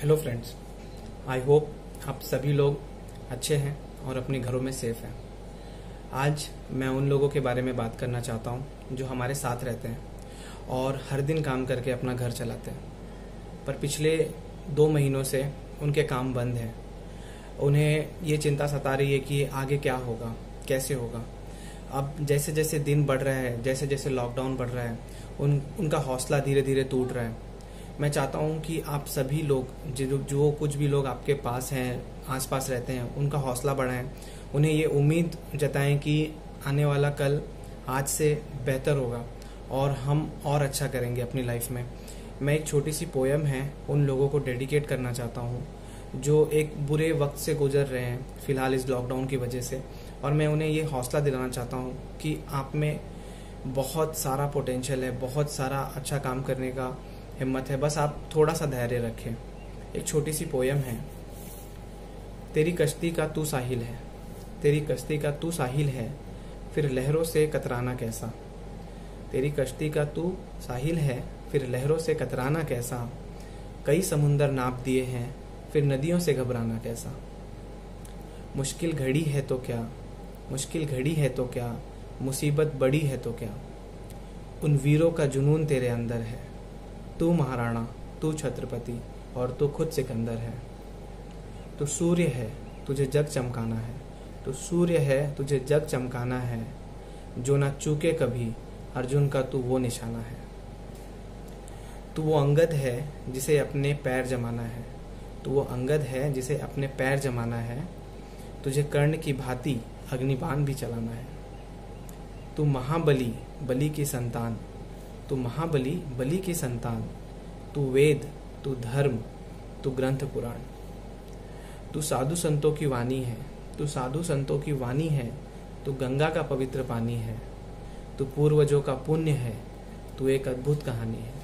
hello friends I hope आप सभी लोग अच्छे हैं और अपने घरों में सेफ हैं आज मैं उन लोगों के बारे में बात करना चाहता हूं जो हमारे साथ रहते हैं और हर दिन काम करके अपना घर चलाते हैं पर पिछले दो महीनों से उनके काम बंद हैं उन्हें ये चिंता सता रही है कि आगे क्या होगा कैसे होगा अब जैसे जैसे दिन बढ़ रहा है जैसे जैसे लॉकडाउन बढ़ रहा है उन उनका हौसला धीरे धीरे टूट रहा है मैं चाहता हूँ कि आप सभी लोग जो जो कुछ भी लोग आपके पास हैं आसपास रहते हैं उनका हौसला बढ़ाएं उन्हें ये उम्मीद जताएं कि आने वाला कल आज से बेहतर होगा और हम और अच्छा करेंगे अपनी लाइफ में मैं एक छोटी सी पोयम है उन लोगों को डेडिकेट करना चाहता हूँ जो एक बुरे वक्त से गुजर रहे हैं फिलहाल इस लॉकडाउन की वजह से और मैं उन्हें ये हौसला दिलाना चाहता हूँ कि आप में बहुत सारा पोटेंशियल है बहुत सारा अच्छा काम करने का हिम्मत है बस आप थोड़ा सा धैर्य रखें एक छोटी सी पोयम है तेरी कश्ती का तू साहिल है तेरी कश्ती का तू साहिल है फिर लहरों से कतराना कैसा तेरी कश्ती का तू साहिल है फिर लहरों से कतराना कैसा कई समुंदर नाप दिए हैं फिर नदियों से घबराना कैसा मुश्किल घड़ी है तो क्या मुश्किल घड़ी है तो क्या मुसीबत बड़ी है तो क्या उन वीरों का जुनून तेरे अंदर है तू महाराणा तू छत्रपति और तू खुद सिकंदर है तो सूर्य है तुझे जग चमकाना है तो सूर्य है तुझे जग चमकाना है जो ना चूके कभी अर्जुन का तू वो निशाना है तो वो अंगद है जिसे अपने पैर जमाना है तो वो अंगद है जिसे अपने पैर जमाना है तुझे कर्ण की भांति अग्निबान भी चलाना है तू महाबली बलि की संतान तो महाबली बलि की संतान तू तो वेद तू तो धर्म तू तो ग्रंथ पुराण तू साधु संतों की वाणी है तू साधु संतों की वाणी है तू गंगा का पवित्र पानी है तू पूर्वजों का पुण्य है तू एक अद्भुत कहानी है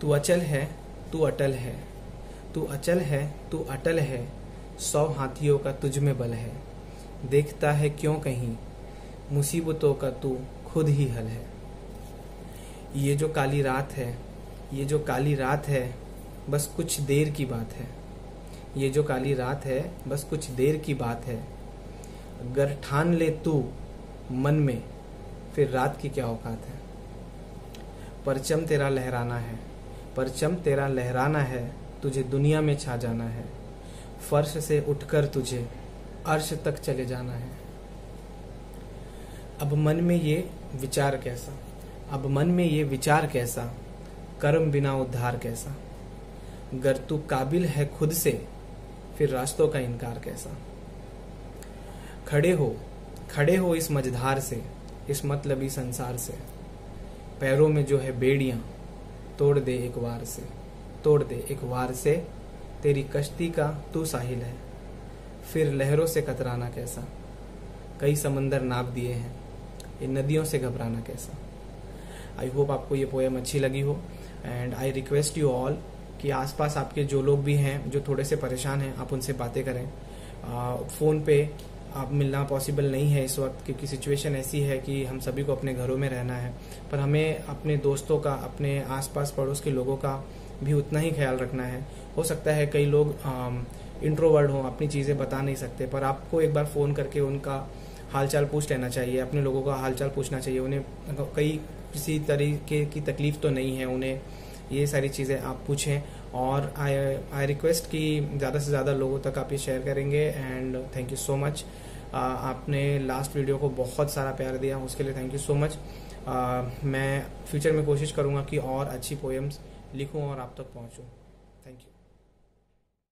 तू अचल है तू अटल है तू अचल है तू अटल है सौ हाथियों का तुझ में बल है देखता है क्यों कहीं मुसीबतों का तू खुद ही हल है ये जो काली रात है ये जो काली रात है बस कुछ देर की बात है ये जो काली रात है बस कुछ देर की बात है अगर ठान ले तू मन में फिर रात की क्या औकात है परचम तेरा लहराना है परचम तेरा लहराना है तुझे दुनिया में छा जाना है फर्श से उठकर तुझे अर्श तक चले जाना है अब मन में ये विचार कैसा अब मन में ये विचार कैसा कर्म बिना उद्धार कैसा गर तू काबिल है खुद से फिर रास्तों का इनकार कैसा खड़े हो खड़े हो इस मझधार से इस मतलबी संसार से पैरों में जो है बेड़ियां तोड़ दे एक वार से तोड़ दे एक वार से तेरी कश्ती का तू साहिल है फिर लहरों से कतराना कैसा कई समंदर नाप दिए हैं ये नदियों से घबराना कैसा आई होप आपको ये पोएम अच्छी लगी हो and I request you all कि आसपास आपके जो लोग भी हैं जो थोड़े से परेशान हैं आप उनसे बातें करें फ़ोन पे आप मिलना पॉसिबल नहीं है इस वक्त क्योंकि सिचुएशन ऐसी है कि हम सभी को अपने घरों में रहना है पर हमें अपने दोस्तों का अपने आसपास पड़ोस के लोगों का भी उतना ही ख्याल रखना है हो सकता है कई लोग इंट्रोवर्ड हों अपनी चीज़ें बता नहीं सकते पर आपको एक बार फ़ोन करके उनका हालचाल पूछ लेना चाहिए अपने लोगों का हालचाल पूछना चाहिए उन्हें मतलब कई किसी तरीके की तकलीफ तो नहीं है उन्हें ये सारी चीज़ें आप पूछें और आई आई रिक्वेस्ट कि ज़्यादा से ज़्यादा लोगों तक आप ये शेयर करेंगे and thank you so much आपने लास्ट वीडियो को बहुत सारा प्यार दिया उसके लिए थैंक यू सो मच मैं फ्यूचर में कोशिश करूँगा कि और अच्छी पोएम्स लिखूँ और आप तक पहुँचूँ थैंक यू